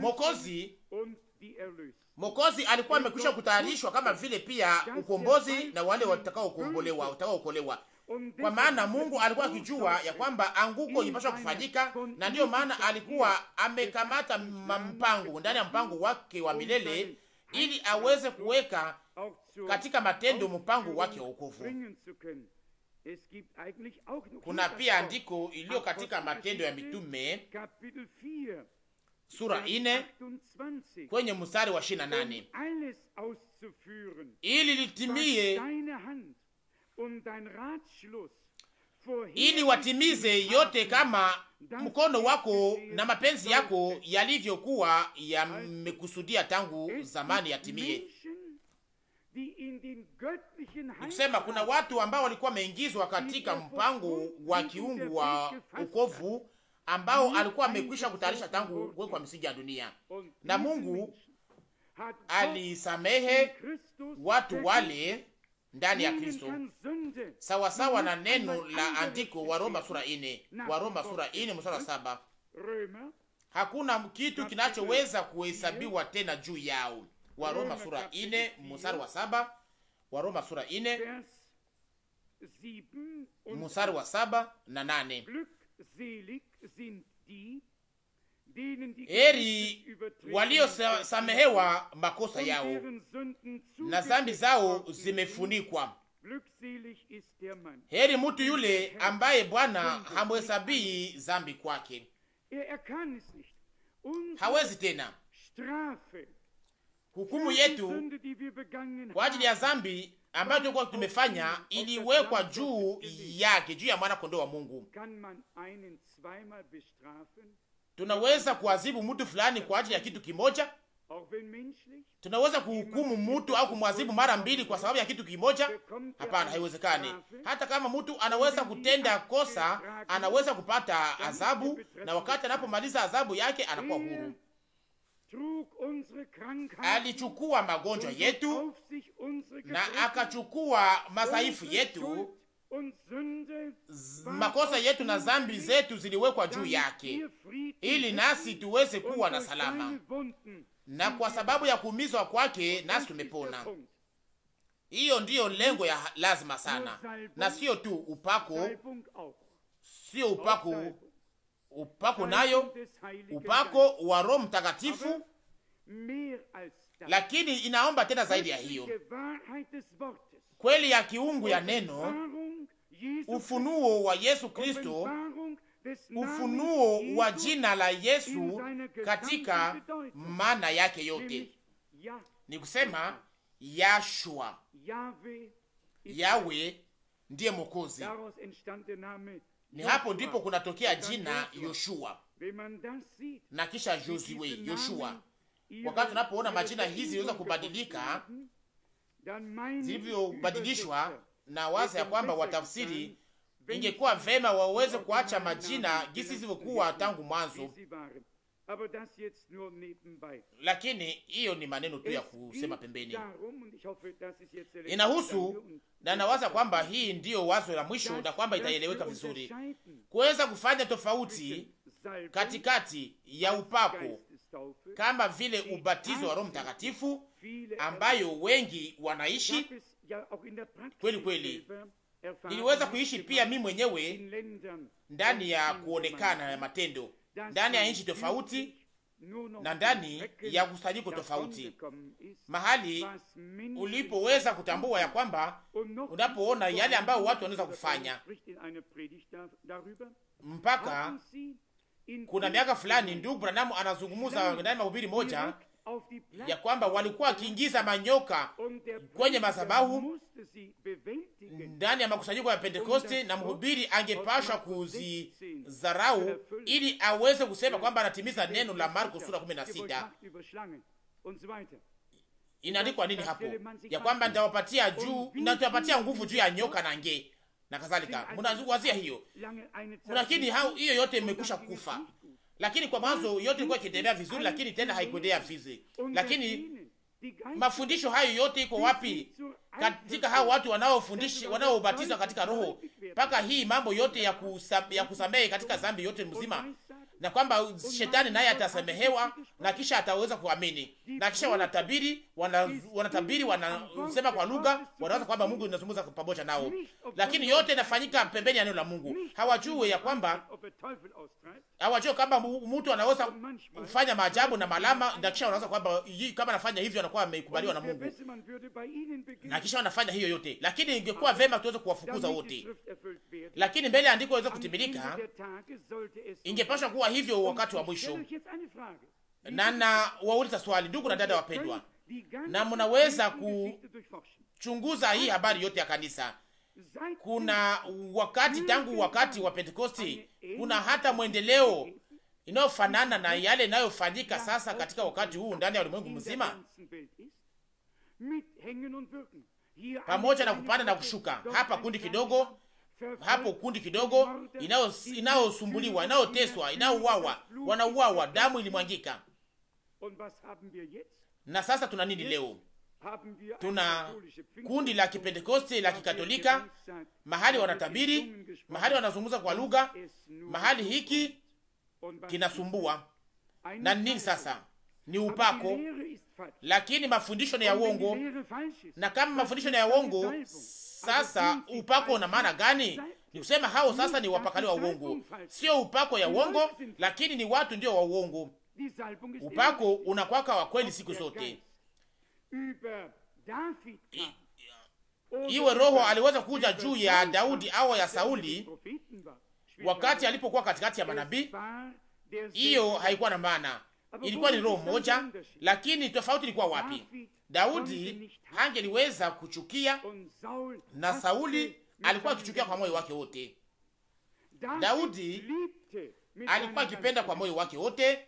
Mokozi Mokozi alikuwa amekwisha kutayarishwa kama vile pia ukombozi na wale watakaokombolewa watakaokolewa, kwa maana Mungu alikuwa akijua ya kwamba anguko ilipaswa kufanyika, na ndiyo maana alikuwa amekamata mpango ndani ya mpango wake wa milele, ili aweze kuweka katika matendo mpango wake wa wokovu. Kuna pia andiko iliyo katika Matendo ya Mitume sura ine kwenye mstari wa ishirini na nane um ili litimie um ili watimize yote kama mkono wako na mapenzi yako yalivyokuwa yamekusudia tangu zamani yatimie. kusema kuna watu ambao walikuwa wameingizwa katika mpango wa kiungu wa ukovu ambao alikuwa amekwisha kutayarisha tangu kuwekwa misingi ya dunia, na Mungu alisamehe watu wale ndani ya Kristo sawasawa na neno la andiko wa Roma sura ine, wa Roma sura ine mstari saba. Hakuna kitu kinachoweza kuhesabiwa tena juu yao. Wa Roma sura ine mstari wa saba, wa Roma sura ine mstari wa saba na nane. Heri waliosamehewa makosa yao na zambi zao zimefunikwa. Heri mtu yule ambaye Bwana hamuhesabii zambi kwake. Er Hawezi tena. Hukumu yetu kwa ajili ya zambi ambayo tulikuwa tumefanya iliwekwa juu yake, juu ya mwana kondoo wa Mungu. Tunaweza kuadhibu mtu fulani kwa ajili ya kitu kimoja? Tunaweza kuhukumu mtu au kumwadhibu mara mbili kwa sababu ya kitu kimoja? Hapana, haiwezekani. Hata kama mtu anaweza kutenda kosa, anaweza kupata adhabu, na wakati anapomaliza adhabu yake anakuwa huru alichukua magonjwa yetu na akachukua masaifu yetu, makosa yetu na zambi zetu ziliwekwa juu yake, ili nasi tuweze kuwa na salama, na kwa sababu ya kuumizwa kwake nasi tumepona. Hiyo ndiyo lengo ya lazima sana, na sio tu upako, sio upako upako nayo upako wa Roho Mtakatifu, lakini inaomba tena zaidi ya hiyo, kweli ya kiungu ya neno, ufunuo wa Yesu Kristo, ufunuo wa jina la Yesu katika maana yake yote, ni kusema Yashua, Yawe ndiye Mwokozi. Ni hapo ndipo kunatokea jina Yoshua na kisha Josue Yoshua. Wakati tunapoona majina hizi ziliweza kubadilika, zilivyobadilishwa, na waza ya kwamba watafsiri ingekuwa vema waweze kuacha majina jinsi zilivyokuwa tangu mwanzo lakini hiyo ni maneno tu ya kusema pembeni. Inahusu na nawaza kwamba hii ndiyo wazo la mwisho na kwamba itaeleweka vizuri, kuweza kufanya tofauti katikati ya upako kama vile ubatizo wa Roho Mtakatifu ambayo wengi wanaishi kweli kweli. Niliweza kuishi pia mimi mwenyewe ndani ya kuonekana ya matendo ndani ya nchi tofauti na ndani ya kusanyiko tofauti, mahali ulipoweza kutambua ya kwamba unapoona yale ambayo watu wanaweza kufanya. Mpaka kuna miaka fulani, ndugu Branham anazungumza ndani mahubiri moja ya kwamba walikuwa wakiingiza manyoka kwenye masabahu ndani ya makusanyiko ya Pentekoste, na mhubiri angepashwa zarau ili aweze kusema kwamba anatimiza neno la Marko sura 16. Inaandikwa nini hapo? Ya kwamba nitawapatia juu, nitawapatia nguvu juu ya nyoka na nge na kadhalika. Mnazungumzia hiyo, lakini hao hiyo yote imekusha kufa. Lakini kwa mwanzo yote ilikuwa ikitembea vizuri, lakini tena haikuendea vizuri, lakini Mafundisho hayo yote iko wapi? Katika hao watu wanaofundisha wanaobatizwa katika Roho, mpaka hii mambo yote ya, kusa, ya kusamehe katika zambi yote mzima, na kwamba shetani naye atasamehewa na kisha ataweza kuamini, na kisha wanatabiri, wana, wanatabiri wanasema kwa lugha, wanaweza kwamba Mungu anazungumza pamoja nao, lakini yote inafanyika pembeni ya neno la Mungu. Hawajue ya kwamba hawajua kama mtu anaweza kufanya maajabu na malama, na kisha wanawaza kwamba kama anafanya hivyo anakuwa amekubaliwa na Mungu, na kisha wanafanya hiyo yote. Lakini ingekuwa vema tuweze kuwafukuza wote, lakini mbele ya andiko iweze kutimilika, ingepaswa kuwa hivyo wakati wa mwisho. Na na wauliza swali, ndugu na dada wapendwa, na mnaweza kuchunguza hii habari yote ya kanisa kuna wakati mm-hmm. tangu wakati wa Pentekosti, eh. kuna hata mwendeleo inayofanana na mm-hmm. yale inayofanyika sasa katika wakati huu ndani ya ulimwengu mzima, pamoja na kupanda na kushuka, hapa kundi kidogo, hapo kundi kidogo, inayosumbuliwa, inayoteswa, inayouawa, wanauawa, damu ilimwangika. Na sasa tuna nini leo? Tuna kundi la Kipentekoste la Kikatolika, mahali wanatabiri, mahali wanazungumza kwa lugha, mahali hiki kinasumbua na nini sasa? Ni upako, lakini mafundisho ni ya uongo. Na kama mafundisho ni ya uongo, sasa upako una maana gani? Ni kusema hao sasa ni wapakali wa uongo, sio upako ya uongo, lakini ni watu ndio wa uongo. Upako unakwaka wa kweli siku zote iwe roho aliweza kuja juu ya Daudi au ya Sauli wakati alipokuwa katikati ya manabii, hiyo haikuwa na maana, ilikuwa ni roho moja, lakini tofauti ilikuwa wapi? Daudi hangeliweza kuchukia na Sauli alikuwa akichukia kwa moyo wake wote. Daudi alikuwa akipenda kwa moyo wake wote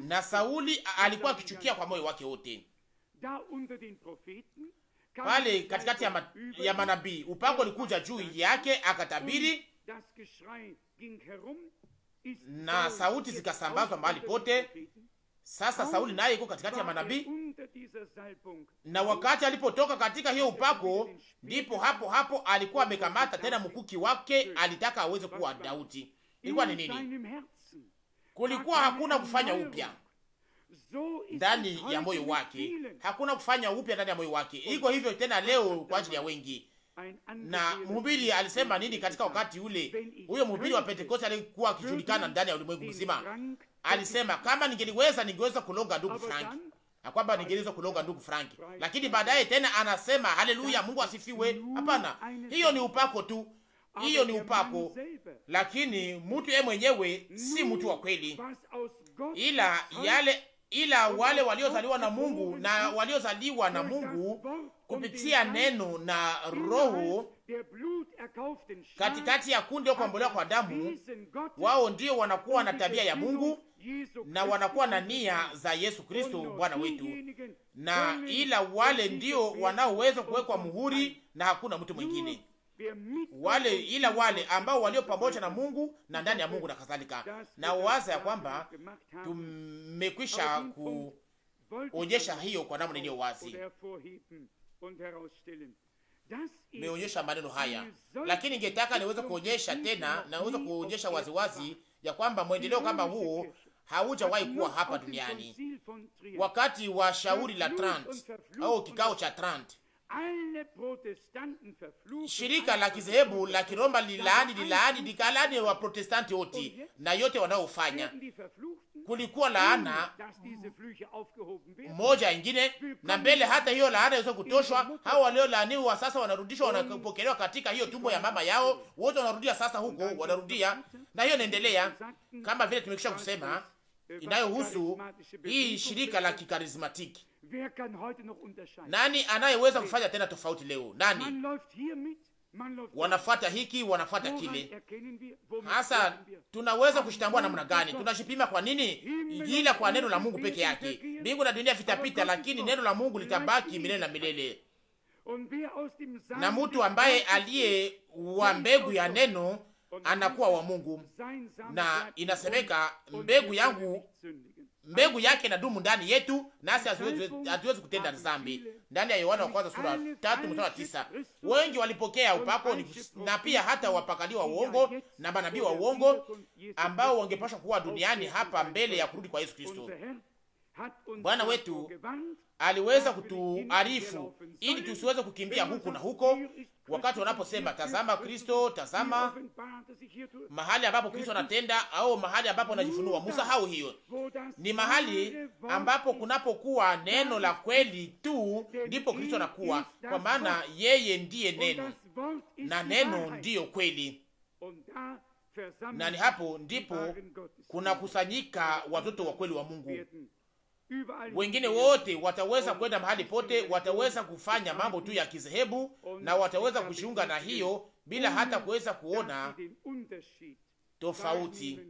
na Sauli alikuwa akichukia kwa moyo wake wote pale katikati ya, ma, ya manabii upako ulikuja juu yake akatabiri, na sauti zikasambazwa mahali pote. Sasa Sauli naye iko katikati ya er manabii, na wakati alipotoka katika hiyo upako, ndipo hapo hapo alikuwa amekamata tena mkuki wake, alitaka aweze kuwa Daudi. Ilikuwa ni nini? Kulikuwa er hakuna kufanya upya ndani ya moyo wake, hakuna kufanya upya ndani ya moyo wake. Iko hivyo tena leo kwa ajili ya wengi. Na mhubiri alisema nini katika wakati ule? Huyo mhubiri wa Pentekoste alikuwa akijulikana ndani ya ulimwengu mzima. Alisema kama ningeliweza, ningeweza kuloga ndugu Frank na kwamba ningeweza kuloga ndugu Frank, lakini baadaye tena anasema haleluya, Mungu asifiwe. Hapana, hiyo ni upako tu, hiyo ni upako, lakini mtu yeye mwenyewe si mtu wa kweli, ila yale ila wale waliozaliwa na Mungu na waliozaliwa na Mungu kupitia neno na Roho katikati ya kundi kuambolewa kwa damu, wao ndio wanakuwa na tabia ya Mungu na wanakuwa na nia za Yesu Kristo Bwana wetu, na ila wale ndio wanaoweza kuwekwa muhuri na hakuna mtu mwingine wale ila wale ambao walio pamoja na Mungu na ndani ya Mungu na kadhalika, na waza ya kwamba tumekwisha kuonyesha hiyo kwa namna iliyo wazi, meonyesha maneno haya, lakini ningetaka niweze kuonyesha tena, naweza kuonyesha waziwazi ya kwamba mwendeleo kama huo haujawahi kuwa hapa duniani. Wakati wa shauri la Trent au kikao cha Trent Shirika la kizehebu la Kiroma lilaani lilaani likalaani wa Protestanti wote na yote wanaofanya. Kulikuwa laana moja ingine, na mbele hata hiyo laana iweze kutoshwa, hao waliolaaniwa sasa wanarudishwa, wanapokelewa katika hiyo tumbo ya mama yao, wote wanarudia sasa huko, wanarudia na hiyo inaendelea, kama vile tumekisha kusema äh, inayohusu hii shirika la kikarismatiki nani anayeweza kufanya tena tofauti leo? Nani? Wanafuata hiki, wanafuata kile. Hasa tunaweza kushitambua namna gani? Tunashipima kwa nini? Ila kwa neno la Mungu peke yake. Mbingu na dunia vitapita, lakini neno la Mungu litabaki milele na milele. Na mtu ambaye aliye wa mbegu ya neno anakuwa wa Mungu, na inasemeka mbegu yangu mbegu yake inadumu ndani yetu, nasi hatuwezi kutenda dhambi. Ndani ya Yohana wa kwanza sura tatu mstari wa tisa wengi walipokea upako na pia hata wapakali wa uongo na manabii wa uongo ambao wangepashwa kuwa duniani hapa mbele ya kurudi kwa Yesu Kristo. Bwana wetu aliweza kutuarifu ili tusiweze kukimbia huku na huko, wakati wanaposema tazama Kristo, tazama mahali ambapo Kristo anatenda au mahali ambapo anajifunua. musahau hiyo, ni mahali ambapo kunapokuwa neno la kweli tu ndipo Kristo anakuwa, kwa maana yeye ndiye neno na neno ndiyo kweli, na ni hapo ndipo kunakusanyika watoto wa kweli wa Mungu wengine wote wataweza kwenda mahali pote, wataweza kufanya mambo tu ya kizehebu na wataweza kujiunga na hiyo bila hata kuweza kuona tofauti,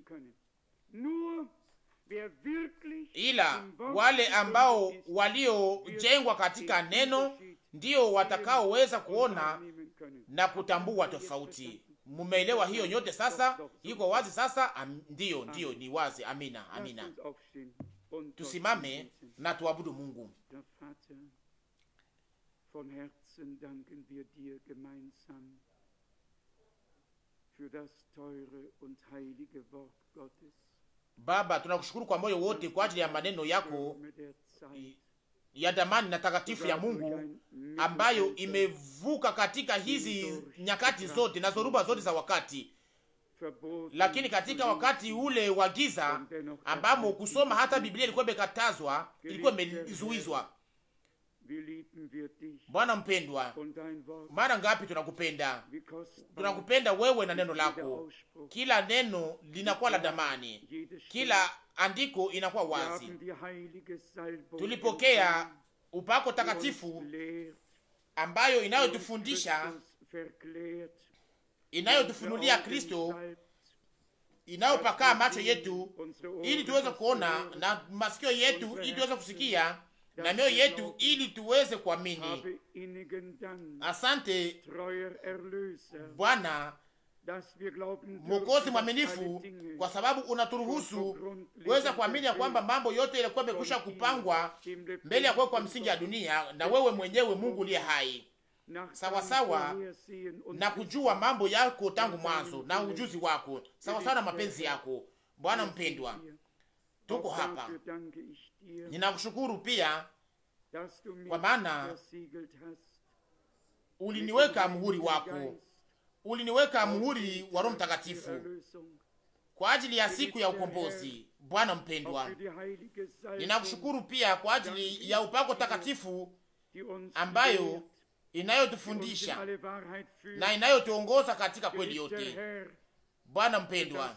ila wale ambao waliojengwa katika neno ndio watakaoweza kuona na kutambua tofauti. Mumeelewa hiyo nyote? Sasa iko wazi sasa. Am, ndiyo, ndiyo, ni wazi. Amina, amina tusimame na tuabudu Mungu. Baba, tunakushukuru kwa moyo wote kwa ajili ya maneno yako ya damani na takatifu ya Mungu ambayo imevuka katika hizi nyakati zote na zoruba zote za wakati lakini katika wakati ule wa giza ambamo kusoma hata Biblia ilikuwa imekatazwa, ilikuwa imezuizwa. Bwana mpendwa, mara ngapi tunakupenda, tunakupenda wewe na neno lako. Kila neno linakuwa la damani, kila andiko inakuwa wazi. Tulipokea upako takatifu ambayo inayotufundisha inayotufunulia Kristo inayopakaa macho yetu ili tuweze kuona na masikio yetu ili tuweze kusikia na mioyo yetu ili tuweze kuamini. Asante Bwana Mwokozi mwaminifu, kwa sababu unaturuhusu kuweza kuamini ya kwamba mambo yote yalikuwa yamekwisha kupangwa mbele ya kuwekwa msingi ya dunia na wewe mwenyewe Mungu uliye hai sawasawa na kujua mambo yako tangu mwanzo na ujuzi wako, sawasawa na mapenzi yako. Bwana mpendwa, tuko hapa. Ninakushukuru pia kwa maana uliniweka muhuri wako, uliniweka muhuri wa Roho Mtakatifu kwa ajili ya siku ya ukombozi. Bwana mpendwa, ninakushukuru pia kwa ajili ya upako takatifu ambayo inayotufundisha na inayotuongoza katika kweli yote. Bwana mpendwa,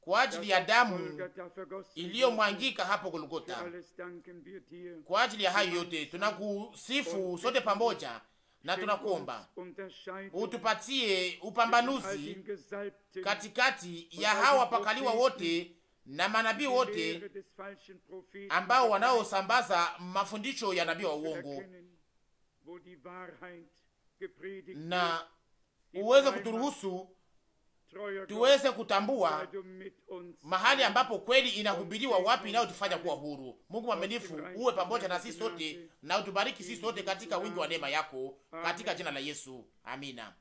kwa ajili ya damu iliyomwangika hapo Golgota, kwa ajili ya hayo yote tunakusifu um sote pamoja na tunakuomba utupatie upambanuzi katikati ya hawa wapakaliwa wote na manabii wote ambao wanaosambaza mafundisho ya nabii wa uongo na uweze kuturuhusu tuweze kutambua mahali ambapo kweli inahubiriwa, wapi inayotufanya kuwa huru. Mungu mwaminifu, uwe pamoja na sisi sote na utubariki sisi sote katika wingi wa neema yako, katika jina la Yesu, amina.